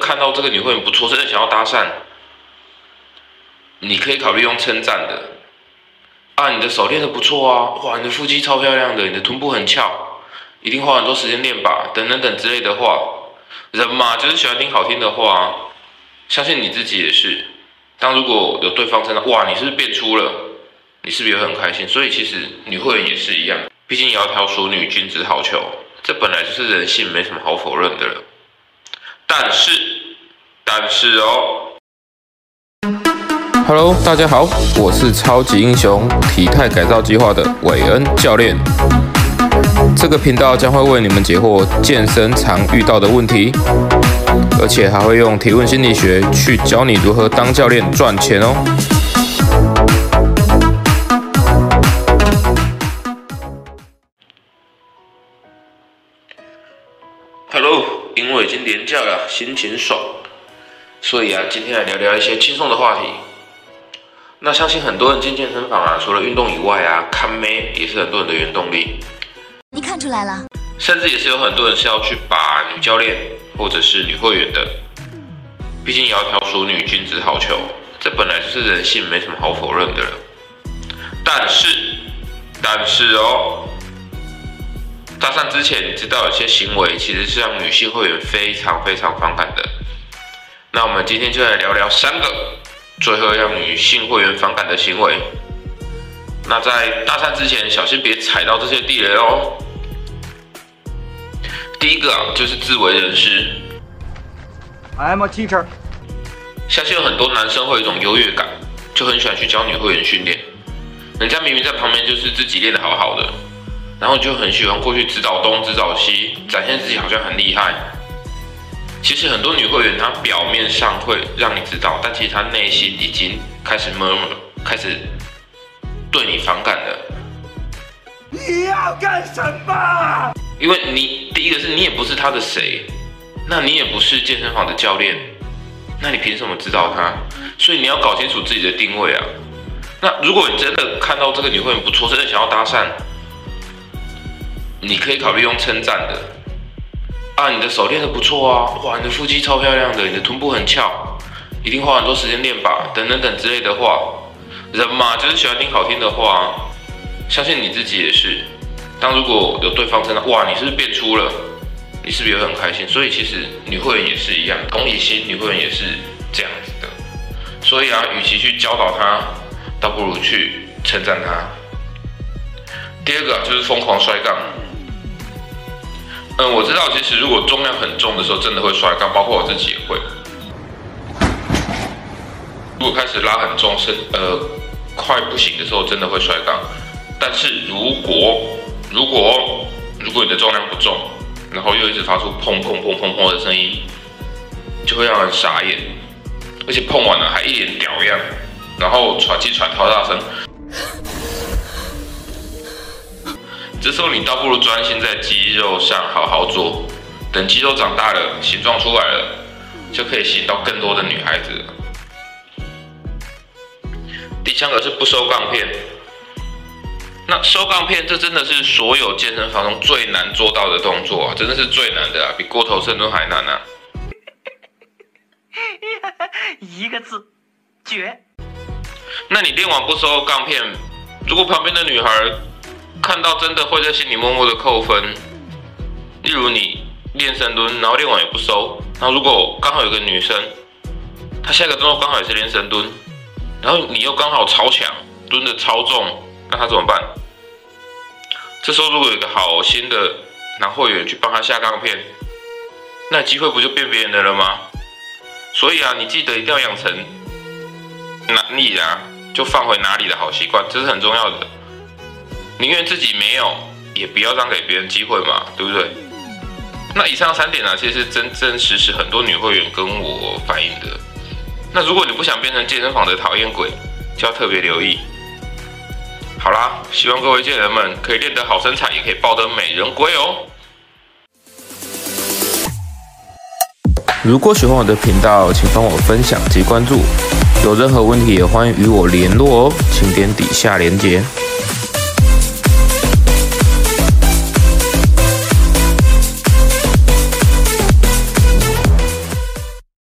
看到這個女會員不錯，甚至想要搭訕，你可以考慮用稱讚的，啊，你的手練得不錯啊，哇，你的腹肌超漂亮的，你的臀部很翹，一定花很多時間練吧，等等等之類的話，人嘛就是喜歡聽好聽的話，相信你自己也是。當如果有對方稱讚，哇，你是不是變粗了？你是不是也很開心？所以其實女會員也是一樣，畢竟窈窕淑女，君子好逑，這本來就是人性，沒什麼好否認的了。但是，但是哦，Hello，大家好，我是超級英雄體態改造計劃的韋恩教練。這個頻道將會為你們解惑健身常遇到的問題，而且還會用提問心理學去教你如何當教練賺錢哦。Hello。因為已經連假了，心情爽，所以啊，今天來聊聊一些輕鬆的話題。那相信很多人進健身房啊，除了運動以外啊，看妹也是很多人的原動力。你看出來了。甚至也是有很多人是要去把女教練或者是女會員的。畢竟窈窕淑女，君子好逑，這本來就是人性，沒什麼好否認的了。但是，但是哦。搭訕之前，你知道有些行為其實是讓女性會員非常非常反感的。那我們今天就來聊聊三個最會讓女性會員反感的行為。那在搭訕之前，小心別踩到這些地雷哦。第一個啊，就是自為人師。I'm a teacher。相信有很多男生會有一種優越感，就很喜歡去教女會員訓練。人家明明在旁邊，就是自己練得好好的。然後就很喜歡過去指導東指導西，展現自己好像很厲害。其實很多女會員，她表面上會讓你指導，但其實她內心已經開始 murmur 開始對你反感了。你要幹什麼？因為你第一個是你也不是她的誰，那你也不是健身房的教練，那你憑什麼指導她？所以你要搞清楚自己的定位啊。那如果你真的看到這個女會員不錯，真的想要搭訕。你可以考慮用稱讚的，啊，你的手練得不錯啊，哇，你的腹肌超漂亮的，你的臀部很翹，一定花很多時間練吧，等等等之類的話。人嘛，就是喜歡聽好聽的話，相信你自己也是，當如果有對方真的，哇，你是不是變粗了，你是不是也很開心？所以其實女會員也是一樣，同理心，女會員也是這樣子的，所以啊，與其去教導她，倒不如去稱讚她。第二個、啊、就是瘋狂摔槓。嗯，我知道，其實如果重量很重的時候，真的會摔槓，包括我自己也會。如果開始拉很重，是呃快不行的時候，真的會摔槓。但是如果如果如果你的重量不重，然後又一直發出砰砰砰砰砰的聲音，就會讓人傻眼，而且碰完了還一臉屌樣，然後喘氣喘超大聲。這時候你倒不如專心在肌肉上好好做，等肌肉長大了，形狀出來了，就可以吸引到更多的女孩子。嗯、第三個是不收槓片，那收槓片這真的是所有健身房中最難做到的動作，啊，真的是最難的，啊，比過頭深蹲都還難啊。一個字，絕。那你練完不收槓片，如果旁邊的女孩看到真的會在心裡默默的扣分，例如你練深蹲，然後練完也不收。然後如果剛好有個女生，她下個動作剛好也是練深蹲，然後你又剛好超強，蹲的超重，那她怎麼辦？這時候如果有個好心的男會員去幫她下槓片，那機會不就變別人的了嗎？所以啊，你記得一定要養成哪裡啊就放回哪裡的好習慣，這是很重要的。寧願自己沒有，也不要讓給別人機會嘛，對不對？那以上三點呢、啊，其實是真真實實很多女會員跟我反映的。那如果你不想變成健身房的討厭鬼，就要特別留意。好啦，希望各位健人們可以練得好身材，也可以抱得美人歸哦。如果喜歡我的頻道，請幫我分享及關注。有任何問題也歡迎與我聯絡哦，請點底下連結。